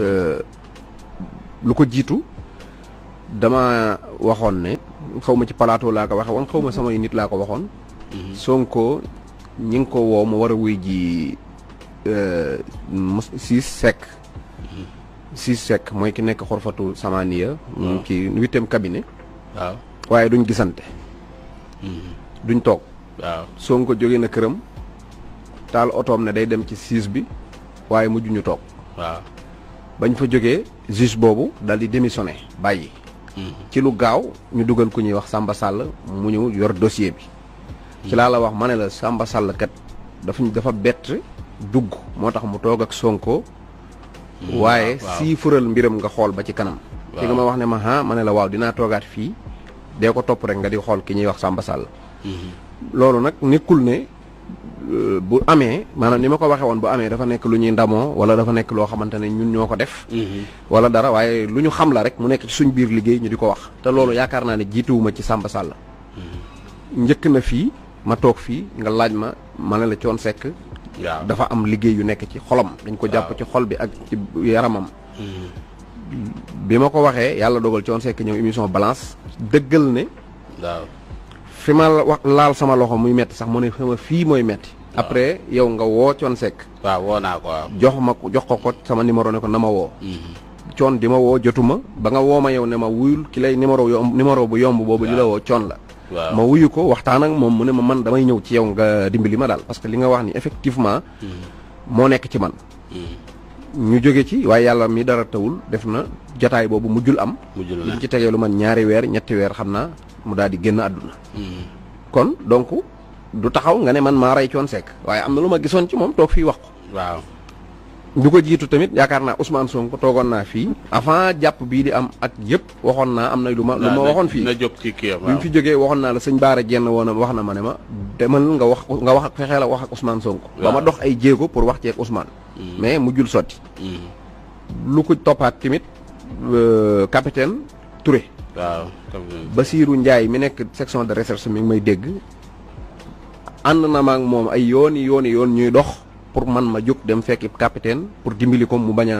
Euh, lu ko jiitu dama waxoon ne xaw ma ci plateau laa ko waxe woon xaw ma mhm. samay nit laa ko waxoon mhm. Sonko ñi ngi ko woo mu war a wuy ji siis sec siis sec mooy ki nekk xorfatu samaniya ci huitième cabinet waaw waaye duñ gisante mhm. duñ toog waaw Sonko jóge na këram taal otoom na day dem ci siis bi waaye mujj ñu toog ñu fa jógee juge boobu daal di démissionné bàyyi. Hmm. ci lu gaaw ñu dugal ku ñuy wax sàmba Sall mu ñëw yor dossier bi. ci laa la wax ma ne la sàmba Sall kat dafa dafa bett dugg moo tax mu toog ak Sonko. Hmm. waaye ah, sii fural mbiram nga xool ba ci kanam. ci nga ma wax ne ma ah ma ne la waaw dinaa toogaat fii. dee ko topp rek nga di xool ki ñuy wax Samba Sall. Hmm. loolu nag nekkul ne Euh, bu amee maanaam ni ma ko waxee woon bu amee dafa nekk lu ñuy ndamoo wala dafa nekk loo xamante ne ñun ñoo ko def. Mm-hmm. wala dara waaye lu ñu xam la rek mu nekk ci suñ biir liggéey ñu di ko wax. te loolu yaakaar naa ne jiituwuma ci sàmba Sall. Mm-hmm. njëkk na fii ma toog fii nga laaj ma ma ne la coon sekk. dafa am liggéey yu nekk ci xolam. dañ ko jàpp ci xol bi ak ci yaramam. Mm-hmm. bi ma ko waxee yàlla dogal coon sekk ñëw émission balance dëggal ne. fima lal laal sama loxo muy metti sax fima sama moy metti après yow nga wo cion sek wa wo na ko jox ma jox ko ko sama numéro ne ko nama wo cion mm-hmm. dima di ma jotuma ba nga wo ma yow ne ma wuyul ki lay numéro yomb numéro bu yomb bobu dila wo cion la ma wuyu ko waxtan ak mom muné ma man damay ñew ci yow nga dimbali ma dal parce que li nga wax ni effectivement mo mm-hmm. nek ci man mm-hmm. ñu joggé ci way yalla mi dara tawul defna jotaay bobu mujjul am mujjul ci tégué lu man ñaari weer ñetti weer xamna mu daal di génn hmm. kon donc du taxaw nga ne man ma ray cion sek waye amna luma gison ci mom tok fi wax waaw du ko tamit yakarna Ousmane Sonko togon na fi avant japp bi di am ak yep waxon na amna luma luma ah, waxon fi na jóg ci bi fi joge waxon na la seigne bara genn wona waxna manema ma ne demal nga wax nga wax ak fexela wax ak Ousmane Sonko bama dox ay jéego pour wax ak Ousmane hmm. mais hmm. lu ko euh, capitaine Touré waaw Basirou Ndiaye mi nekk section de recherche mi ngi may dégg ànd na ma ak moom ay yooni yooni yoon ñuy dox pour man ma jóg dem fekki capitaine pour dimbali ko mu bañ a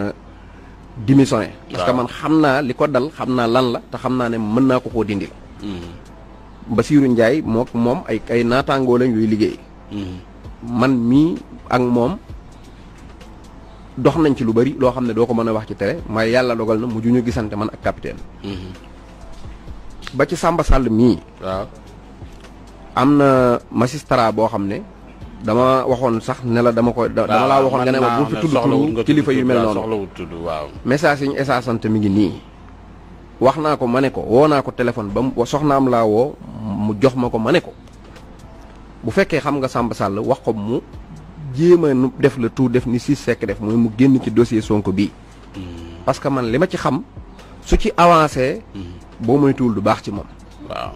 démissionné parce que man xam naa li ko dal xam naa lan la te xam naa ne mën naa ko koo dindil mm-hmm. Basirou Ndiaye mook moom ay ay naataangoo lañ yooyu liggéey mm-hmm. man mii ak moom dox nañ ci lu bari loo xam ne doo ko mën a wax ci tere may yàlla dogal na mujj ñu gisante man ak capitaine mm-hmm. ba ci Samba sàll mii. am na magistrat boo xam ne. dama waxoon sax ne la dama ko dama laa waxoon nga ne ma bu fi tudd tudd kilifa yu mel noonu waaw message yi ñu esasante mi ngi nii wax naa ko ma ne ko woo naa ko téléphone ba mu soxnaam laa woo mu jox ma ko ma ne ko bu fekkee xam nga Samba Sall wax ko mu jéem a nu def la tout def ni si sekk def mooy mu génn ci dossier Sonko bii hmm. parce que man li ma ci xam su ci avancé hmm. boo moytuwul du bax ci mom waaw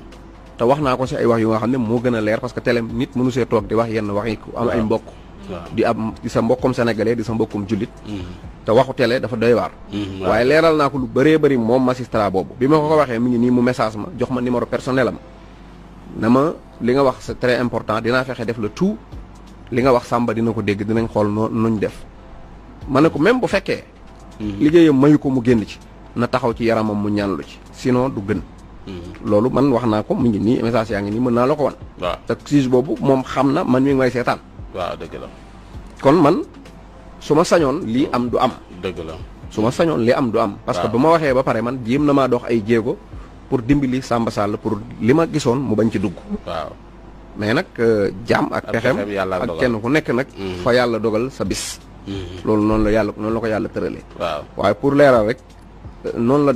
ta wax naa ko ci ay wax yu nga xamne mo moo leer parce que telem nit mënu see tok di wax yenn wax yi am ay mbokk di am di sa mbokkum sénégalais di sa mbokkum julit mm-hmm. ta waxu télé dafa doy war mm-hmm. waye leeral na ko lu bëree bëri mom magistrat bobu bima ko ko mi ngi mu message ma jox ma numéro personnel am na ma li nga wax c'est très important dina fexé def le tout li nga wax samba dina ko dégg dinañ xol nuñ def ma ko même bu féké mm-hmm. liggéeyam mayu ko mu génn ci na taxaw ci yaramam mu lu ci Sino du gën. lolu man waxna aku ko mu ngi ni message yaangi ni meuna lako won la ko wan. waaw te juge man mi ngi may wa deug la. kon man suma sañon li am du am. deug la suma sañon li am du am. parce que ba ma ba pare man jéem na ma dox ay jéego pour dimbali Samba Sall pour lima ma mu bañ ci dugg. wa mais nak euh, jam ak. pexem ak kenn ku nek nak mm-hmm. fa yalla dogal sa bis. non mm-hmm. non la yalla non la ko yalla tëralee. wa waaye pour leral rek euh, non la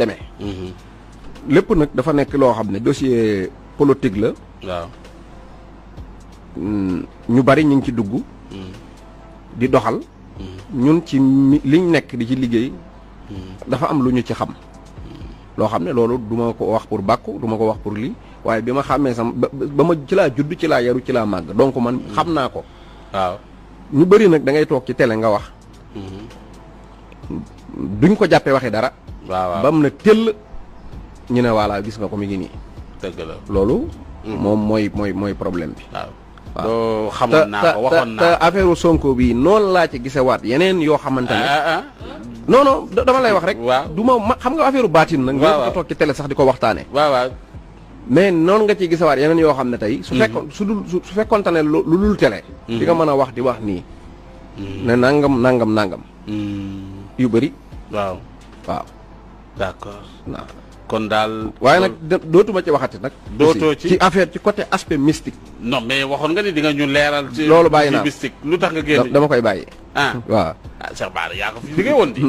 lépp nag dafa nekk loo xam ne dossier politique la. waaw mm, ñu bari ñu ngi ci dugg. Mm. di doxal. Mm. ñun ci liñ nekk di ci liggéey. dafa am lu ñu ci xam. loo xam ne loolu duma ko wax pour bàkku du ma ko wax pour lii waaye bi ma xàmmee sama ba ma ci laa judd ci laa yaru ci laa màgg donc man xam naa ko. waaw ñu bari nag dangay toog ci télé nga wax. Mm-hmm. duñ ko jàppee waxi dara. waaw ba mu ne tëll. ñu ne voilà gis nga ko mi ngi nii. dëgg loolu. Hmm. moom mooy mooy problème bi. waaw xamoon naa waxoon naa te affaire Sonko bii noonu laa ci gisewaat yeneen yoo xamante ne. Ah, ah, ah. non non dama lay wax rek. waaw du ma xam nga affaire baatin nag. waaw nga ko toog ci télé sax di ko waxtaanee. waaw mais noonu nga ciy gisawaat yeneen yoo xam ne tey. su hmm. fekkoon su dul su fekkoonte ne lu dul télé. Hmm. di nga mën a wax di wax nii. ne nangam nangam nangam. yu bëri. waaw waaw. kon daal. waaye nag dootuma ci waxati nag. dootoo ci ci ci côté aspect mystique. non mais waxoon nga ni di nga ñu leeral. ci loolu bàyyi naa mystique lu tax nga génn. dama koy bàyyi. Ah. waaw. ah Cheikh Bara yaa ko fi liggéey woon di.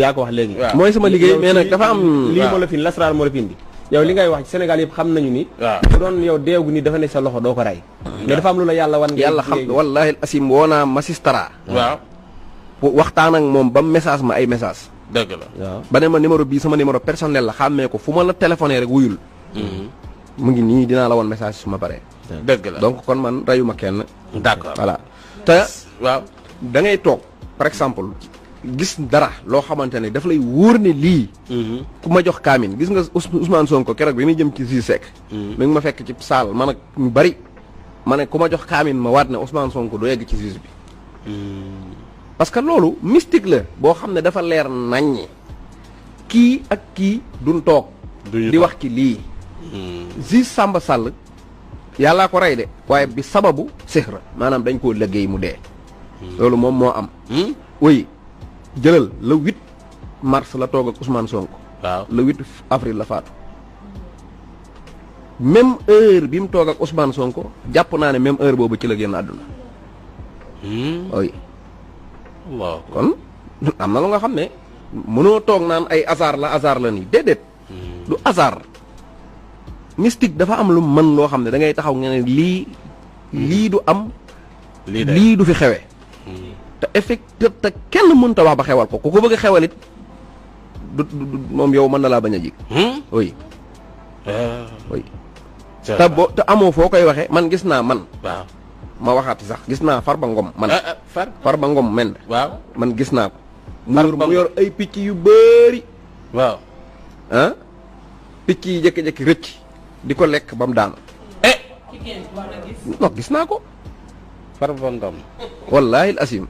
yaa ko wax léegi. mooy sama liggéey mais nag dafa am. lii moo la fi lasraar moo la fi indi. yow li ngay wax ci Sénégal yëpp xam nañu ni bu doon yow deewu ni dafa ne sa loxo doo ko rey mais dafa am lu la yàlla wan yàlla xam wallahi asim woo naa masistara waaw waxtaan ak moom ba message ma ay message dëgg la waaw ma numéro bii sama numéro personnel la xàmmee ko fu ma la téléphoné rek wuyul. Mhm. mu ngi nii la message sama pare. paree. la donc kon man rayuma kenn. d'accord voilà te waaw da ngay toog par exemple. gis dara lo xamante ne daf lay wóor ne lii. Mhm. ku jox kaamin gis nga Ousmane Sonko keroog bi muy jëm ci Zizek. Mhm. mi ngi ma fekk ci man ak ñu bari ma ne jox kaamin ma Ousmane Sonko bi parce que lolu mystique la bo xamne dafa leer nañ ki ak ki duñ tok di wax ki li juge Samba sal yalla ko ray de waye bi sababu sihr manam dañ ko liggéey mu de hmm. lolu mom mo am hmm? oui jeulal le 8 mars la tok ak Ousmane Sonko le 8 avril la fat même heure bi mu toog ak Ousmane Sonko japp naa ne même heure bobu ci la génn àdduna hmm? oui waaw kon am na lu nga naan ay hasard la azar la ni dedet hmm. du azar mystique dafa am lu man lo xamne da ngay taxaw ngene li hmm. li du am. li du fi xewé hmm. ta effect te te kenn mën ta wax ba xewal ko ko bëgg xewalit xewal du moom yow man la baña jik oui. Ah. oui. te bo ta amo koy man gis na man. waaw ma waxati sax gis naa Farba Ngom man ah, ah, far Farba Ngom men waaw man gis naa ko mu yor ay picci yu beuri waaw ah picci jek jek recc diko lek bam daan eh no gis naa ko Farba Ngom al asim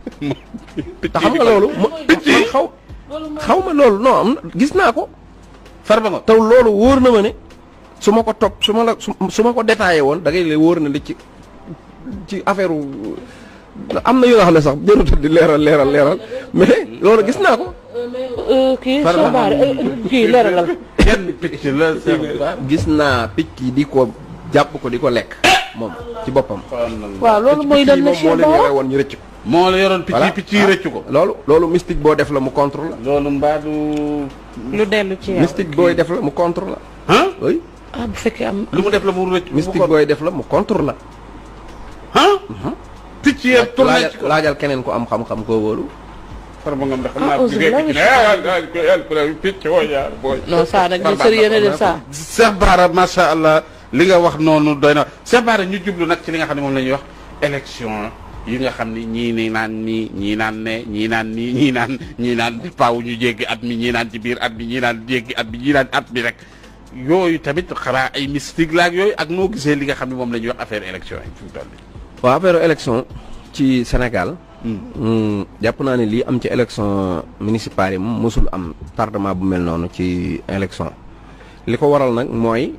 te xam nga loolu picci xaw xaw ma loolu non gis naa ko Farba Ngom taw loolu worna ma ne suma ko top suma la ko detaillé won da ngay lay li ci ci affaire am na yoo xam ne sax jërëjëf di leeral leeral leeral mais loolu gis naa ko. kii sobaar euh, kii gis naa picc yi di ko jàpp ko di ko lekk moom ci boppam. waaw loolu mooy lan la si moom moo leen yore woon ñu rëcc ko. moo la yoroon picc yi picc yi rëcc ko. loolu loolu mystique boo def la mu contre la. loolu mbaadu. lu dellu ci mystique booy def la mu contre la. ah bu fekkee am. lu mu def la mu rëcc mystique booy def la mu contre la. picc yeeg tourné ci ko laajal keneen ku am xam-xam koo wóolu. farba ngam de xam naa Cheikh Bara macha allah li nga wax noonu doy na Cheikh Bara ñu jublu nag ci li nga xam ne moom la ñuy wax election yi nga xam ni ñii ni naan nii ñii naan ñii naan nii ñii naan ñii naan paaw ñu jéggi at mi ñii naan ci biir at mi ñii naan jéggi at mi ñii naan at mi rek yooyu tamit xanaa ay mystique laak yooyu ak noo gisee li nga xam ne moom la ñuy wax affaire élection yi fi mu waa affaire élection ci Sénégal. Hmm. Hmm, jàpp naa ne lii am ci élection municipale yi moom mosul am tardement bu mel noonu ci élection li ko waral nag mooy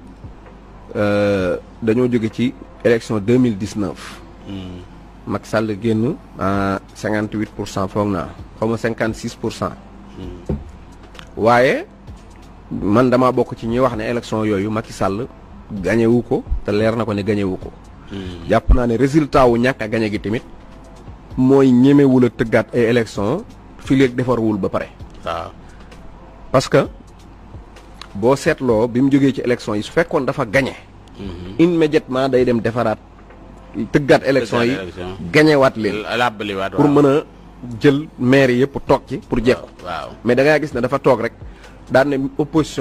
euh, dañoo jóge ci élection deux mille dix neuf. Hmm. Macky Sall génn à cinquante huit pour cent foog naa xaw ma cinquante pour cent. waaye man damaa bokk ci ñuy wax ne élection yooyu Macky sàll gañewu ko te leer na ko ne gañewu ko. jàpp naa ne résultat wu ñàkk a gañe gi tamit mooy ñemewul a tëggaat ay élection fi léegi ba pare. waaw que boo seetloo bi mu jógee ci élection yi su fekkoon dafa gañe mhm. immédiatement day dem defaraat tëggaat élection yi gañewaat leen làbbaliwaat pour mën a jël maire yëpp toog ci pour jekku mais da ngaa gis ne dafa toog rek daan ne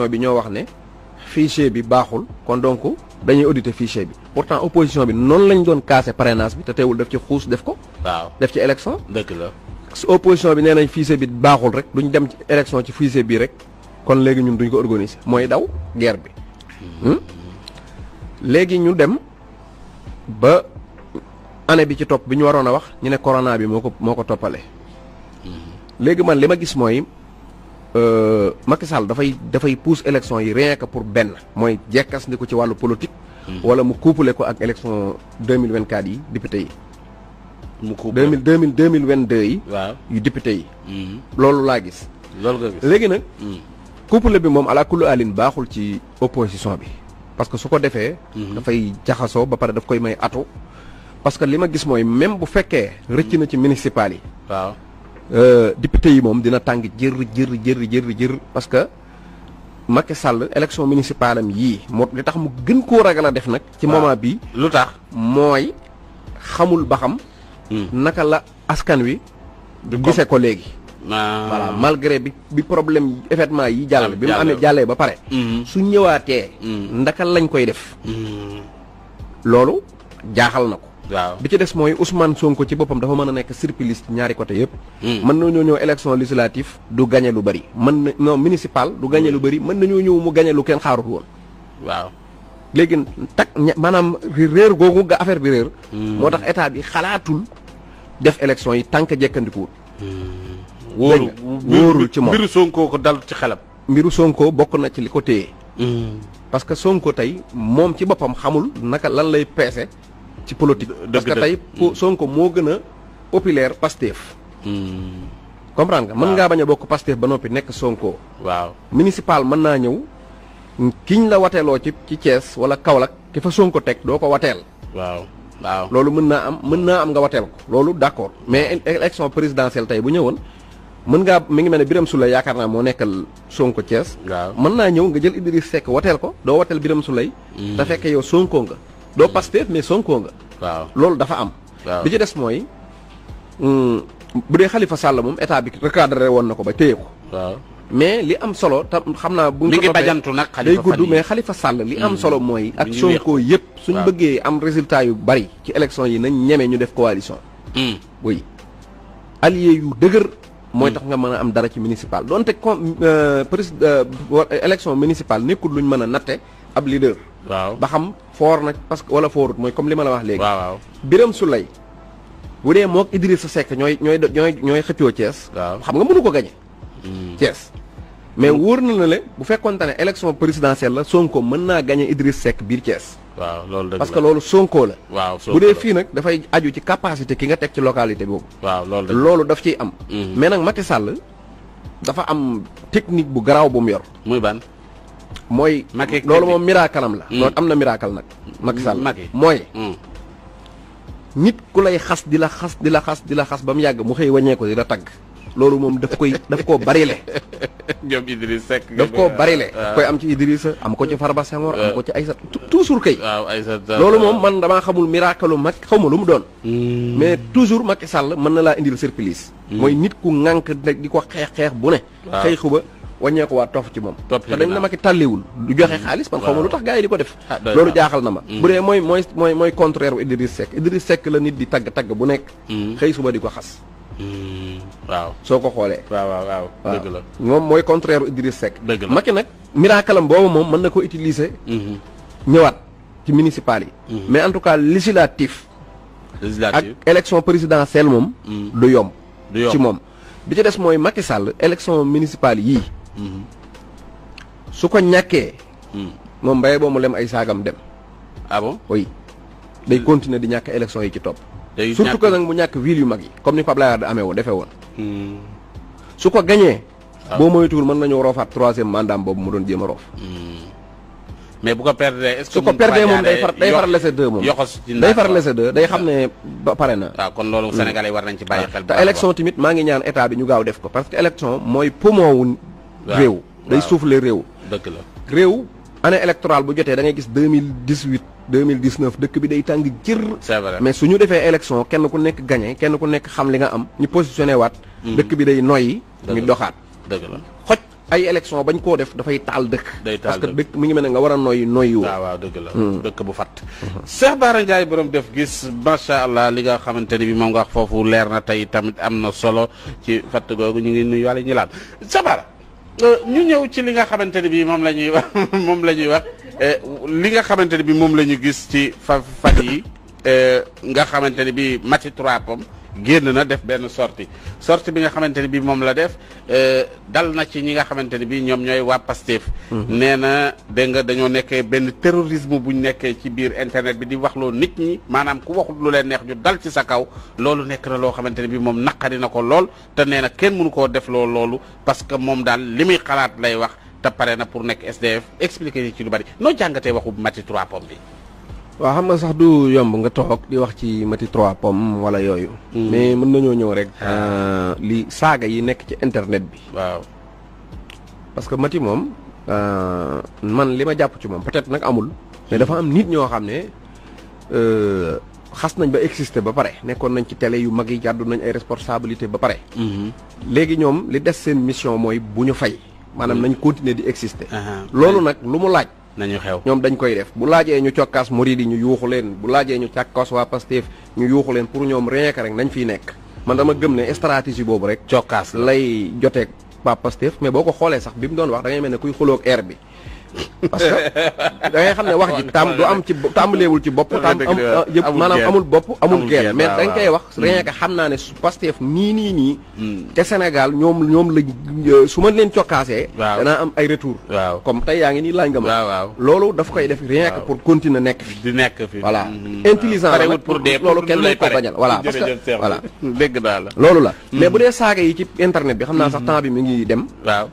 bi ñoo wax ne fichier bi baaxul kon donc dañuy auditer fichier bi pourtant opposition bi noonu lañ doon casser parrainage bi te teewul def ci xuus def ko. waaw def ci élection. dëgg la su opposition bi nee nañ fichier bi baaxul rek duñ dem ci élection ci fichier bi rek kon léegi ñun duñ ko organiser mooy daw guerre bi. Hmm. Hmm? léegi ñu dem ba année bi ci topp bi ñu waroon a wax ñu ne corona bi moo ko moo ko toppale hmm. léegi man li ma gis mooy Euh, Macky Sall dafay dafay pousse élection yi rien pour benn mooy jekkas ni ko ci wàllu politique. Hmm. wala mu couplé ko ak élection deux mille vingt quatre yi député yi. mu couplé deux mille deux mille vingt deux yi. yu député yi. Hmm. loolu laa gis. loolu léegi nag. Hmm. couplé bi moom ala kulli alin baaxul ci opposition bi. parce que su ko defee. dafay jaxasoo ba pare daf koy may atu. parce que li ma gis mooy même bu fekkee. rëcc na ci municipal yi. waaw Euh, député yi moom dina tàng jër jër jër jër jër parce que Macky Sall élection municipale am yii moo li tax mu gën koo ragal a def nag. ci moment bi lu tax mooy xamul ba xam. Hmm. naka la askan wi. gisee ko léegi. Ah. voilà malgré bi bi problème effectivement yi jàll bi mu amee jàllee ba pare. Hmm. su ñëwaatee. Hmm. ndaka lañ koy def. loolu jaaxal na ko. waaw bi ci des mooy Ousmane Sonko ci boppam dafa mën a nekk surpliste ñaari côté yëpp. Hmm. mën nañoo ñëw élection législative du gagné lu bari mën na non municipal du gañe lu bari mën nañoo ñëw mu gagné lu kenn xaarut woon. waaw léegi tak maanaam réer googu nga affaire bi réer. Hmm. moo tax état bi xalaatul def élection yi tànk jekkandikuwul. Hmm. wóorul wóorul ci moom mbiru Sonko ko dal ci xelam. mbiru Sonko bokk na ci li ko téye. parce que Sonko tey moom ci boppam xamul naka lan lay peese. ci politique parce que tay mm. Sonko mo gëna populaire Pastef hmm comprendre nga man nga baña a bokk Pastef ba nopi nek Sonko waaw municipal man na ñew kiñ la wateeloo ci ci Thiès wala Kaolack ki fa Sonko tek do ko wateel waaw waaw lolu mën na am mën na am nga wateel ko lolu d'accord mais élection présidentielle tay bu ñewon mën nga mi ngi melni biram Birame yakarna mo nekkal Sonko Thiès waaw mën na ñew nga jël Idriss sek wateel ko do wateel biram Souleye da mm. fekk yow Sonko nga doo Pastef mais sonkoo nga. loolu dafa am. bi ci des mooy hmm, bu dee Khalifa Sall moom état bi recadré woon na ko ba téye ko. mais li am solo tam xam naa. bu ñu ko bajantu nag day gudd mais xalifa Sall li am hmm. solo mooy. ak Sonko yëpp suñ bëggee am résultat yu bari. ci élection yi nañ ñeme ñu def coalition. Hmm. oui allié yu dëgër. mooy tax nga mën a am dara ci municipal donte con euh, président euh, élection municipale nekkul luñ mën a natte ab leader. waaw ba xam foor nag parce que wala foorut moy comme lima la wax legui waaw waaw biram sulay boudé mok Idrissa sek ñoy ñoy ñoy ñoy xëccoo ties xam nga mënu ko gañe hmm. ties mais hmm. wourna na la le bu fekkon tane élection présidentielle la Sonko mëna naa gañe Idriss Seck biir Thiès. waaw loolu dëgg parce que loolu Sonko la. waaw boudé fi nak da fay aju ci capacité ki nga tek ci localité bob waaw loolu loolu daf ci am. Hmm. mais nak Macky Sall dafa am technique bu graw bu mu yor. muy ban. mooy. Macky loolu moom miracle am la. Mm. loolu am na miracle nag. Macky Sall mooy. Mm. nit ku lay xas di la xas di la xas di la xas ba mu yàgg mu xëy wàññee ko di la tagg. loolu moom daf koy daf koo barile. ñoom Idriss Seck. koo barile. daf koy am ci Idrissa am ko ci Farba Senghor. am ko ci Aïssat toujours kay. waaw Aïssat loolu moom man damaa xamul miracle lu mag xaw ma lu mu doon. Mm. mais toujours Macky Sall mën na laa indil surprise. mooy nit ku ŋànk di ko xeex xeex bu ne. xëy xuba wàññeekuwaat topp ci moom te dañ na ma ki tàlliwul du joxe xaalis man xaw ma lu tax di ko def loolu jaaxal na ma bu moy moy mooy mooy contraire Idriss Seck Idriss Seck la nit di tagg tagg bu nekk hmm. suba di ko xas hmm. waaw soo ko xoolee waaw waaw waaw dëgg la wow wow contraire u Idriss Seck dëgg la Macky mirah miracle am boobu moom mën na ko utiliser ñëwaat ci municipal yi mais en tout cas législatif ak élection présidentielle moom du yomb ci moom bi ci Macky Sall élection municipale su ko ñàkkee. Hmm. moom mbay boo mu lem ay saagam dem. ah bon oui day continuer di ñàkk élection yi ci topp. surtout que nag mu ñàkk ville yu mag yi comme ni fab Pape Laye Wade amee woon defee woon. Hmm. su ko gañee ah. boo moytuwul mën nañu roofaat troisième mandat boobu mu doon jéem a roof. Hmm. mais bu ko perdee est-ce que. su ko perdee moom day far day far lese deux moom day far lese deux day xam ne ah. ba pare na. waaw ah, kon loolu sénégalais war nañ ci bàyyi te élection tamit maa ngi ñaan état bi ñu gaaw def ko parce que élection mooy poumon wu réew day souffler réew deug la réew année électorale bu jotté da ngay gis 2018 2019 deuk bi day tang jir mais suñu défé élection kenn ku nek gagné kenn ku nek xam li nga am ñu positionner wat hmm. deuk bi day noy, ñu doxat deug la xoj ay élection bañ ko def fay tal deuk parce que deuk mi ngi mel nga wara noy noyyi noyyi waaw deug la hmm. deuk bu fat Cheikh Bara Ndiaye borom def gis macha allah li nga xamanteni bi moom nga wax fofu leer na tamit amna solo ci fat googu ñu ngi nuyu wala ñu Cheikh Bara Euh, ñu ñëw ci li nga xamante ne bi moom la ñuy wax moom la ñuy wax euh, li nga xamante ne bi moom la ñu gis ci fa fan yi euh, nga xamante ne bi Maty Trois Pommes génn na def benn sortie sortie bi nga xamante ne bii moom la def euh, dal na ci ñi nga xamante ne bii ñoom ñooy waa Pastef. Mm-hmm. nee na dégg nga dañoo nekkee benn terrorisme bu ñu nekkee ci biir internet bi di wax loo nit ñi maanaam ku waxut lu leen neex ñu dal ci sa kaw loolu nekk na loo xamante ne bii moom naqari na ko lool te nee na kenn mënu koo def lool loolu parce que moom daal li muy xalaat lay wax te pare na pour nekk SDF expliqué ci lu bari noo jàngatee waxu Mati 3 bi. waa xam nga sax du yomb nga toog di wax ci Mati trois pommes wala yooyu. Hmm. mais mën nañoo ñëw rek. Ah. Euh, li saaga yi nekk ci internet bi. waaw parce que Mati moom euh, man li ma jàpp ci moom peut-être nag amul. mais dafa am nit ñoo xam ne euh, xas nañ ba exister ba pare nekkoon nañ ci tele yu mag yi jàddu nañ ay responsabilité ba pare. Hmm. léegi ñoom li des seen mission mooy bu ñu fay. maanaam hmm. nañ continuer di exister. Ah, ah. loolu nag lu mu laaj. nañu xew ñoom dañ koy def bu laajee ñu cokkaas murid yi ñu yuuxu leen bu laajee ñu cokkaas waa Pastef ñu yuuxu leen pour ñoom rien que rek nañ fiy nekk man dama gëm ne stratégie boobu rek cokkaas lay joteeg waa Pastef mais boo ko xoolee sax bi mu doon wax da mel ne kuy xuloog air bi parce que da xam ne wax ji tàmm du am ci tàmbaleewul ci bopp tàmm am euh, yëpp maanaam amul bopp amul geen mais dañ koy wax rien que mm. xam naa ne Pastef nii nii nii mm. te Sénégal ñoom ñoom la euh, su ma leen cokkaasee danaa am ay retour waaw comme tey yaa ngi nii laaj nga ma waaw loolu daf koy def rien pour continuer nekk fi di nekk fi voilà mm-hmm. intelligent pour loolu kenn lay ko bañal voilà naa la loolu la mais mm. bu dee saaga yi ci internet bi xam naa sax mm-hmm. temps bi mi ngi dem waaw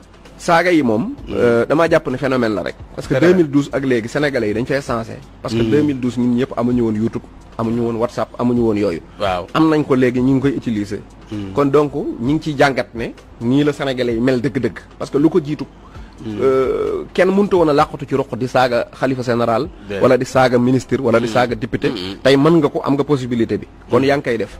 saaga yi moom. Mm. Euh, damaa jàpp ne phénomène la rek. parce que 2012 ak léegi sénégalais yi dañ fee sensé. parce que 2012 mm. ñun ñëpp amuñu woon YouTube amuñu woon WhatsApp amuñu woon yooyu. waaw am nañ ko léegi ñu ngi koy utiliser. Mm. kon donc ñu ngi ciy jàngat ne nii la sénégalais yi mel dëkk dëkk parce que lu ko jiitu. Euh, kenn mënta woon a làqatu ci roq di saaga xalifa général. wala di saaga ministre wala di saaga député. tey mën nga ko am nga possibilité bi. kon yaa ngi koy def.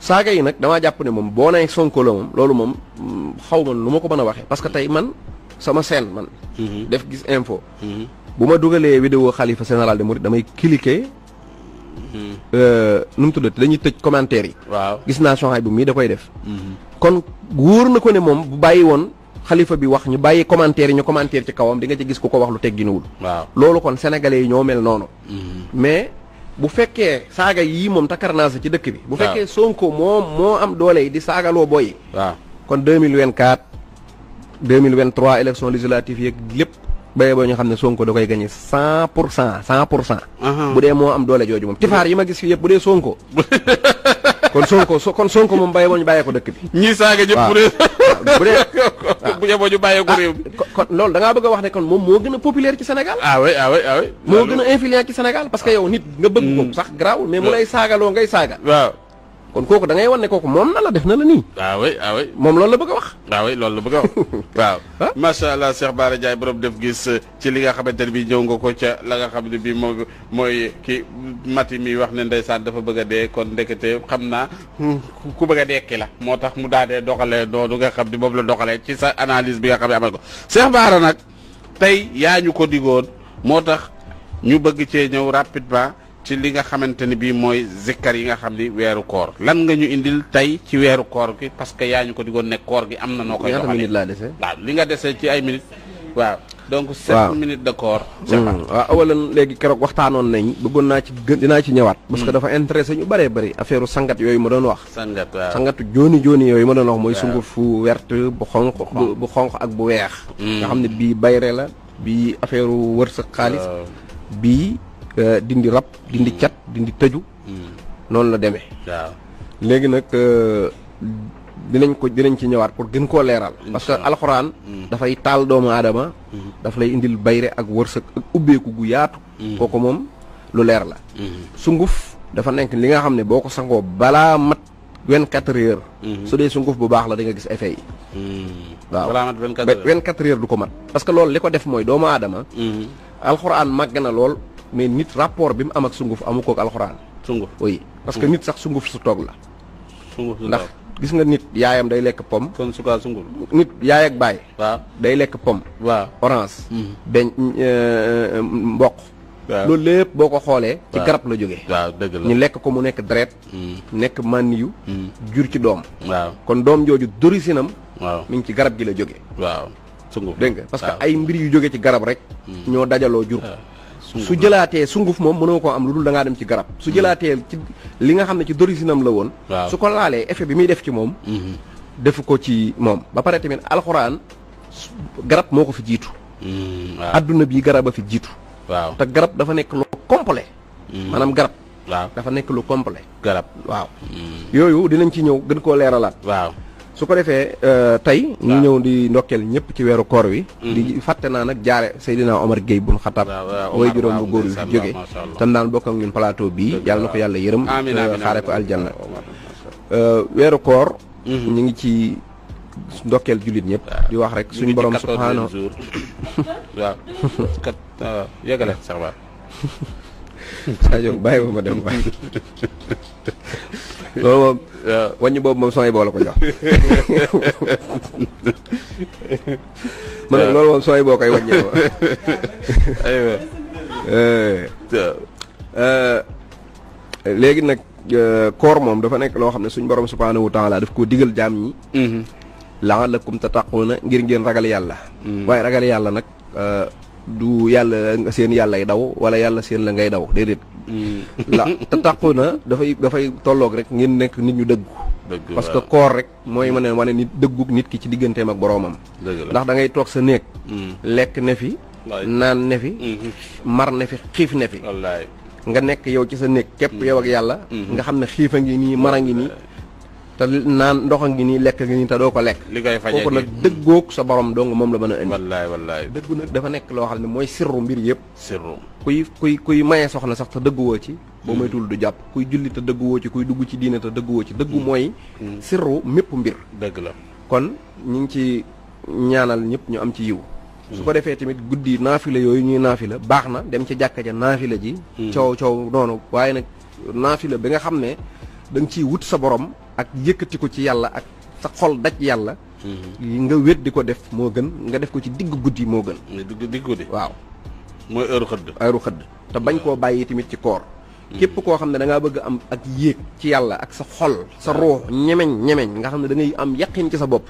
saaga yi nag damaa jàpp ne moom boo nee Sonko la moom loolu moom mm, xaw ma nu ma ko mën a waxee parce que tey man sama seen man. Mhm. def gis info. Mhm. bu ma dugalee vidéo xalifa général de Mouride damay cliquer. Mhm. Euh, nu mu tuddati dañuy tëj commentaire yi. waaw gis naa soxaay bu mii da koy def. kon wóor na ko ne moom bu bàyyi woon xalifa bi wax ñu bàyyi commentaire yi ñu commentaire ci kawam di nga ci gis ku ko wax lu tegginuwul. waaw loolu kon sénégalais yi ñoo mel noonu. mais bu fekkee saaga yii moom takkar naa sa ci dëkk bi. bu fekkee Sonko moom moo am doole yi di saagaloo booy. waaw kon deux mille vingt quatre deux mille vingt trois élection législative yeeg lépp. béyee boo ñu xam ne Sonko da koy gagné cent pour cent cent pour cent. bu dee moo am doole jooju moom tifaar yi ma gis fii yëpp bu dee Sonko. kon Sonko kon Sonko moom béyee boo ñu bàyyee ko dëkk bi. ñii saaga ñëpp bu dee bu yeboo ñu bàyyee ah, ko loolu da ngaa bëgg a wax ne kon moom moo gën a populaire ci Sénégal ah oui ah oui ah moo gën a influent ci Sénégal parce que ah. yow nit nga bëgg ko sax garaawul mais mu lay saagaloo ngay saaga waaw kon kooku da ngay wan ne kooku moom na la def na la ni Ah oui waaw ah oui moom loolu la bëgg wax. Ah oui la bëgg wax waaw. macha allah Cheikh Bara Ndiaye borom def gis eh, ci li nga xamante ne bii nga ko ca la nga xam ne mo moo ki mati mi wax ne ndeysaan dafa bëgg a dee kon ndekete xam naa hmm, ku bëgg a dekki la moo tax mu daa dee doxalee noonu nga la ci sa analyse bi nga xam amal ko Cheikh Bara nag tey yaa ñu ko digoon moo ñu bëgg rapidement. ci li nga xamante ni bii mooy zikkar yi nga xam ni weeru koor lan nga ñu indil tey ci weeru koor gi parce que yaa ñu ko digoon ne koor gi am na noo koy doxalee waaw li nga dese ci ay minutes waaw donc sept minutes de koor waaw hmm. ah, awalan léegi keroog waxtaanoon nañ bëggoon naa ci gën dinaa ci ñëwaat parce que hmm. dafa intéressé ñu bëree bëri affaire sangat yooyu ma doon wax sangat waaw sangatu jooni jooni yooyu ma doon wax mooy sungur fu wert bu xonq hmm. bu xonq ak bu weex nga xam ne bii bayre la bii affaire wërsëg xaalis bii Eh, dindi rap dindi cat dindi teju hmm. non la demé waaw légui nak eh, dinañ ko dinañ ci ñëwaat pour gën ko léral parce que da fay tal doomu aadama hmm. da fay indil bayre ak wërseuk ak ubbeeku gu yaatu hmm. koko mom lu lér la sunguf dafa nek li nga xamné boko sango bala mat 24 quatre heures su dee sunguf bu baax la da nga gis effet yi waaw mat 24 heures du ko mat parce que lool liko def moy doomu adama lool mais nit rapport bi mu am ak sunguf amuko ak alcorane sunguf oui parce que nit sax sunguf su tok la. sunguf su ndax gis nga nit yaayam day lek pom kon suka sunguf. nit yaay ak bay wa day lek pom wa orange. Mm-hmm. ben euh, euh, mbok lo lepp boko xolé ci garap la ke wa deug la ñu lek ko mu nek dret mm-hmm. nek maniyu mm-hmm. jur ci dom wa kon dom joju dorisinam. wa mi ngi ci garap gi la jógee. wa sunguf dégg parce que ay mbir yu jógee ci garap rek. ño dajalo jur. su jëlaatee sunguf moom mënoo ko am lu dul da dem ci garab su hmm. jëlaatee ci li nga xam ne ci d'origine am la woon su ko laalee effet bi muy def ci moom hmm. defu ko ci moom ba pare tamit alxuraan garab moo ko fi jiitu àdduna hmm, bi garab a fi jiitu waaw te garab dafa nekk lu complet maanaam garab waaw dafa nekk lu complet garab waaw yooyu dinañ ci ñëw gën koo leeralaat waaw su ko defee euh, tay ñu ñëw di ndokkel ñëpp ci wéru koor wi mm-hmm. di faté na nak jaaré sayidina Omar gey bun xataab way juroom bu goor yu fi jóge tam daan bokk ak ñun plateau bi yalla nako yalla yërem yërëm euh, ko aljanna euh wéru koor mm-hmm. ñi ngi ci ndokkel julit ñëpp di wax rek suñu borom subhanahu waaw kat euh, yegale sax ba sa jox bay bu ma dem bàyyi loolu moom. waaw euh, wàññi boobu moom sooy boo la ko jox. boo koy wàññee euh, léegi nag euh, koor moom dafa nekk loo xam ne suñu borom subhaanahu wa taala daf koo digal jaam ñi. Mm-hmm. la'allakum tattaquuna ngir ngeen ragal yàlla. Mm. waaye ragal yàlla nag. du yàlla seen yàllay daw wala yàlla seen la ngay daw déedéet. Mm. la te tàqu na dafay dafay tolloog rek ngeen nekk nit ñu dëggu. parce que koor rek mooy ma ne ma ne nit dëgguk nit ki ci digganteem ak boroomam. ndax da ngay toog sa néeg. Mm. lekk ne fi. naan ne fi. Mm-hmm. mar ne fi xiif ne fi. nga nekk yow ci sa néeg képp mm. yow ak yàlla. Mm-hmm. nga xam ne xiif a ngi nii mar a ngi nii. te naan ndox a ngi nii lekk ngi nii te doo ko lekk. li koy fajee kooku nag dëggoog sa borom dong moom la mën a indi. wallaay wallaay dëggu nag dafa nekk loo xam ne mooy sirru mbir yëpp. sirru kuy kuy kuy maye soxna sax te dëgguwoo ci. boo hmm. moytuwul du jàpp kuy julli te ci kuy dugg ci diine te dëgguwoo ci. dëggu hmm. mooy. Hmm. sirru mépp mbir. dëgg la kon ñu ngi ci ñaanal ñëpp ñu am ci yiw. su ko defee tamit guddi naafila yooyu ñuy naafila baax na dem ca jàkka ja naafila ji. coow coow noonu waaye nag naafila bi nga xam ne da nga ciy wut sa boroom ak yëkkati ko ci yàlla ak sa xol daj yàlla. Mm-hmm. nga wét di ko def moo gën nga def ko ci digg guddi moo gën. digg guddi waaw. mooy heure xëdd. heure xëdd te bañ koo mm-hmm. bàyyi tamit ci koor. Mm-hmm. képp koo xam ne da bëgg am ak yéeg ci yàlla ak sa xol sa ruux ñemeñ ñemeñ nga xam ne da ngay am yaqin ci sa bopp.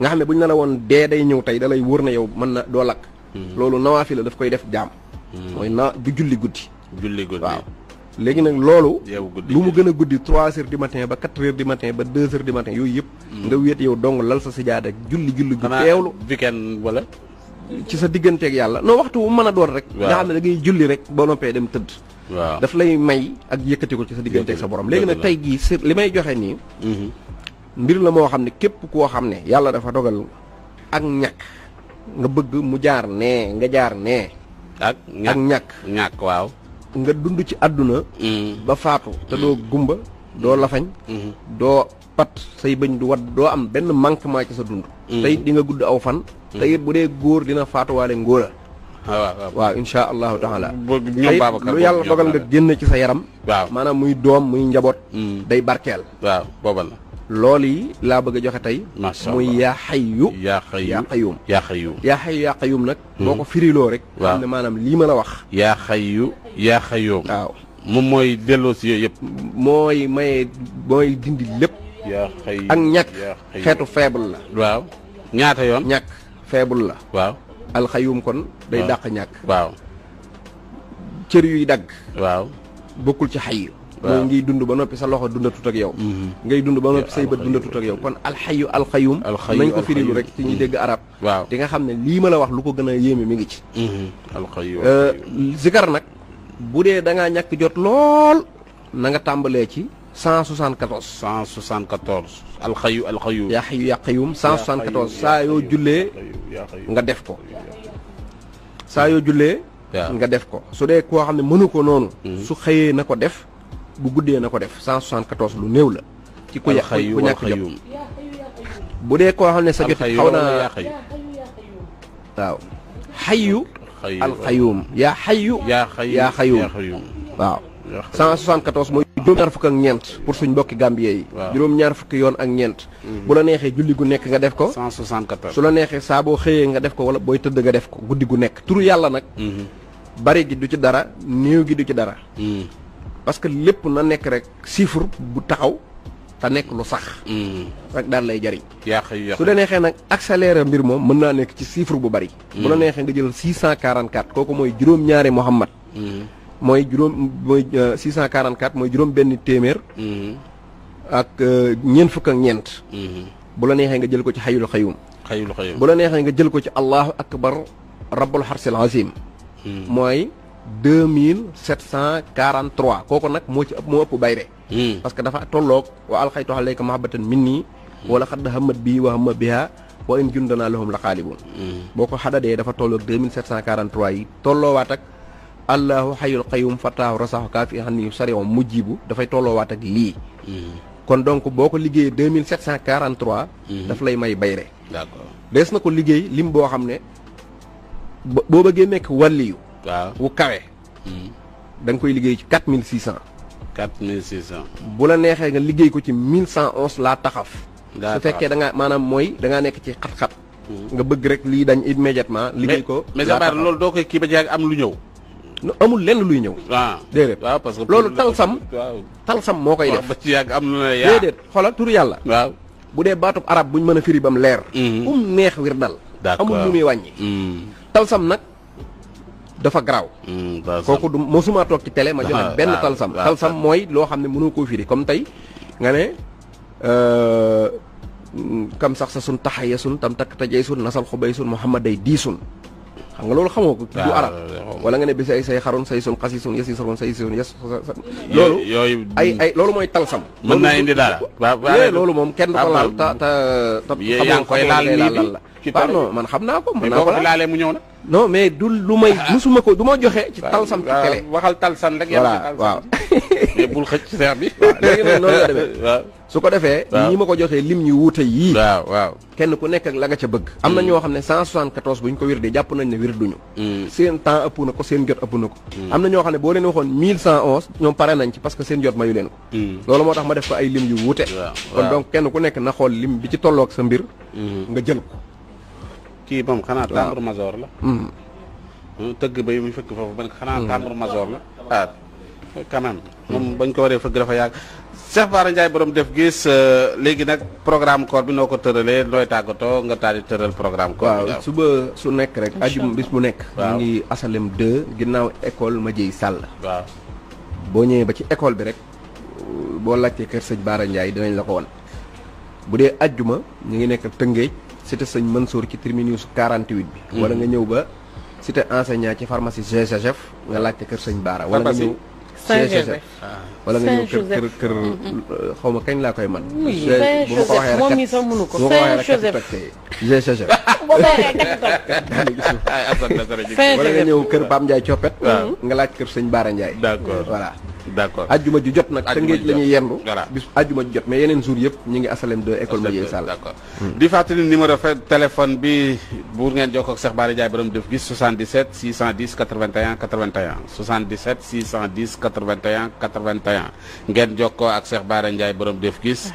nga xam ne bu ñu la la woon dee day ñëw tey dalay lay wóor na yow mën na doo lakk. loolu nawaafil la daf koy def jaam. mooy na du julli guddi. julli guddi waaw. léegi nag loolu lu mu gën a guddi trois heures du matin ba quatre heures matin ba deux heures du matin yooyu yëpp mm. nga wéet yow dong lal sa sijaada julli julli ju teewlu weekend wala ci sa digganteeg yàlla noo waxtu wu mën a doon rek nga xam ne da julli rek boo noppee dem tëdd waaw daf lay may ak yëkkati ko ci sa digganteeg sa borom léegi nag tey gii si li may joxe nii mm-hmm. mbir la moo xam ne képp koo xam ne yàlla dafa dogal ak ñàkk nga bëgg mu jaar nee nga jaar nee ak ñàkk ñàkk waaw nga dund ci àdduna mm. ba faatu te doo mm. gumba doo mm. lafañ mm-hmm. doo pat say bëñ du wat doo am benn manquement ci sa dund tey di nga gudd aw fan tey bu dee góor dina faatuwaale ngóora ah, waaw waaw insha allahu taala tey lu yàlla dogal nga génn ci sa yaram maanaam muy doom muy njaboot day barkeel lool yi laa bëgg a joxe tey muy yaa xayu yaa xayu yaa xayum yaa nag hmm. boo ko firiloo rek xam ne maanaam lii ma la wax yaa xayu yaa waaw moom mooy delloo si yooyu yëpp mooy maye mooy dindi lépp yaa xayu ak ñàkk xeetu faible la waaw ñaata yoon ñàkk faible la waaw alxayum kon day dàq ñàkk waaw cër yuy dagg waaw bokkul ci xayu mooy ngiy dund ba nopi sa loxo dundatut ak yow mhm. ngay dund ba noppi ya, say bët dundatut ak yow kon al qayyum nañ ko firilu rek ci ñi dégg arab waaw di nga xam li ma la wax lu ko gëna a mi ngi ci mhm. euh zikar nak bu dee da nga ñak jot lool na nga tambalé ci 174 174 al khayyu ya hayyu ya qayyum 174 sa yo julé nga def ko sa yo julé ya. nga def ko su dé ko xamné mënu ko noonu mhm. su xeyé nako def bu guddee na ko def 174 lu néew la ci ku yàq ya- ku ñàkk jot bu dee koo xam ne sa jot xaw naa waaw xayu alxayuum yaa xayu yaa xayuum waaw 174 mooy juróom ñaar fukk ak ñeent pour suñ mbokki gambie yi juróom ñaar fukki yoon ak ñeent mm. bu la neexee julli gu nekk nga def ko 174 su la neexee saa boo xëyee nga def ko wala booy tëdd nga def ko guddi gu turu yàlla nag mm-hmm. bari gi du ci dara néew gi du ci dara mm parce que lepp na nek rek chiffre bu taxaw ta nek lu sax. hmm rek dal lay jariñ. su la neexee nak accélérer mbir mom mën na nek ci chiffre bu bari. mën na nexé nga jël 644 koko moy juroom ñaari Muhammad. moy juroom moy 644 moy juroom ben témèr hmm ak ñeent fuk ak ñent hmm bu la nexé hmm. euh, hmm. euh, hmm. nga jël ko ci hayyul xayum. hayyul xayum bu la nexé nga jël ko ci allahu akbar rabbul harsil azim. hmm moy 2743 kooku nag moo ci ëpp moo ëpp bayre hmm. parce que dafa tolloog wa alxaytu alayka mahabatan minni hmm. wala xadd hamat bi wa hamma biha wa in jundana lahum la xaalibun hmm. boo ko xadadee dafa tolok 2743 yi tolloowaat ak allahu Hayyul Qayyum fataahu rasahu kafi fi xan mujibu sariwa mujjibu dafay tolloowaat ak lii kon donc boo ko daf lay may bayre d'accord des na ko liggéey lim boo xam ne waaw wu kawe. Hmm. da koy liggéey ci quatre mille six cent. quatre mille six bu la neexee nga liggéey ko ci mille cent onze laa taxaf. su fekkee danga maanaam mooy da nekk ci xat-xat. Hmm. nga bëgg rek lii dañ immédiatement. liggéey ko mais mais loolu doo koy kii ba jeex am lu ñëw. amul lenn luy ñëw. Ah. waaw déedéet parce que. loolu talsam talsam moo koy def ci yàgg am lu ne yaa déedéet xoolal tur yàlla. waaw bu dee baatub arab buñ mën a firi ba mu leer. Hmm. um neex wir dal. amul lu muy wàññi. talsam nag. dafa garaaw mm, kooku du mosuma toog ci télé ma joxe ah, benn talsam ah, talsam ah. mooy loo xam ne mënoo koo firi comme tey nga ne euh, kam sax sa sun taxaya sun tam takk tajay sun nasal xobay sun muhammad day dii sun xam nga loolu xamoo ko du arab wala nga ne bi ay say xaroon say sun xas yi sun yes yi say sun yas loolu yooyu ay ay loolu mooy talsam mën naa indi dara loolu moom kenn du ko laal ta ta ta yaa ngi koy laal la ci waaw non man xam naa ko mën naa ko laalee mu ñëw na non mais du lu may musuma ko du ma joxe ci talsam ci télé waxal talsan rek voilà waaw mais bul xëcc seex bi waaw su ko defee ñi ma ko joxee lim ñu wuute yii waaw waaw kenn ku nekk ak la nga ca bëgg am na hmm. ñoo xam ne 174 bu ñu ko wirdee jàpp nañ ne wirduñu hmm. seen temps ëpp na ko seen jot ëpp na ko hmm. am na ñoo xam ne boo leen waxoon 1111 ñoom pare nañ ci parce que seen jot mayu leen ko loolu moo tax ma def ko ay lim yu wuute kon kenn ku nekk na lim bi ci tolloog sa mbir nga jël kii moom xanaa timbre major la mm. tëgg ba yi muy fëkk foofu ban xanaa mm. timbre major la ah quand même moom bañ ko waree fëgg dafa yàgg Cheikh Bara Ndiaye borom def gis euh, léegi nag programme koor bi noo ko tëralee looy tàggatoo nga taal di tëral programme koor bi waaw suba su nekk rek ajum bis bu nekk ñu ngi asalem 2 ginnaaw école ma jëy sàll waaw boo ñëwee ba ci école bi rek boo laajtee kër sëñ Bara Ndiaye dinañ la ko won bu dee ajjuma ñu ngi nekk Tëngéej cité seigne Mansour ci terminus 48 bi. Hmm. wala nga ñëw ba cité enseignant ci pharmacie GCHF nga laacc keur seigne bara wala nga ñëw GCHF wala nga ñëw keur keur kër xaw ma kañ laa koy man bu ma ko waxe rek mi sax mënu ko Saint Joseph wala nga ñëw keur Bam Ndiaye Coppet. nga laacc keur seigne bara Ndiaye. d'accord voilà d'accord ajjuma ju jot nag tëngéej la yendu bis ajjuma ju jot mais yeneen jour yëpp ñu ngi asalem de école ma yey d'accord di numéro téléphone bi bu ngeen jokkoo ak Cheikh Bara Ndiaye borom def gis 77 610 81 81 77 610 81 81 ngeen jokkoo ak Cheikh Bara Ndiaye borom def gis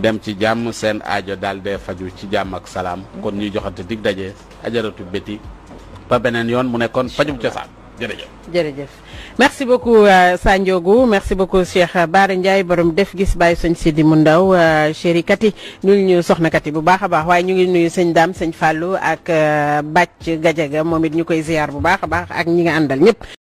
dem ci jamm sen aajo dal de faju ci jamm ak salam kon ñuy joxante dig dajé ajaratu beti ba benen yoon mu nekkoon fajum cosaan jërëjëf jërëjëf merci beaucoup euh, Sandiogou merci beaucoup Cheikh Bara Ndiaye borom def gis bàyyi sëñ Sidi mu ndaw euh, chéri Kati ñu ñu soxna Kati bu baax a baax waaye ñu ngi nuyu sëñ daam sëñ Fallou ak euh, Bàcc Gajaga moom it ñu koy ziar bu baax a baax ak ñi nga àndal ñëpp.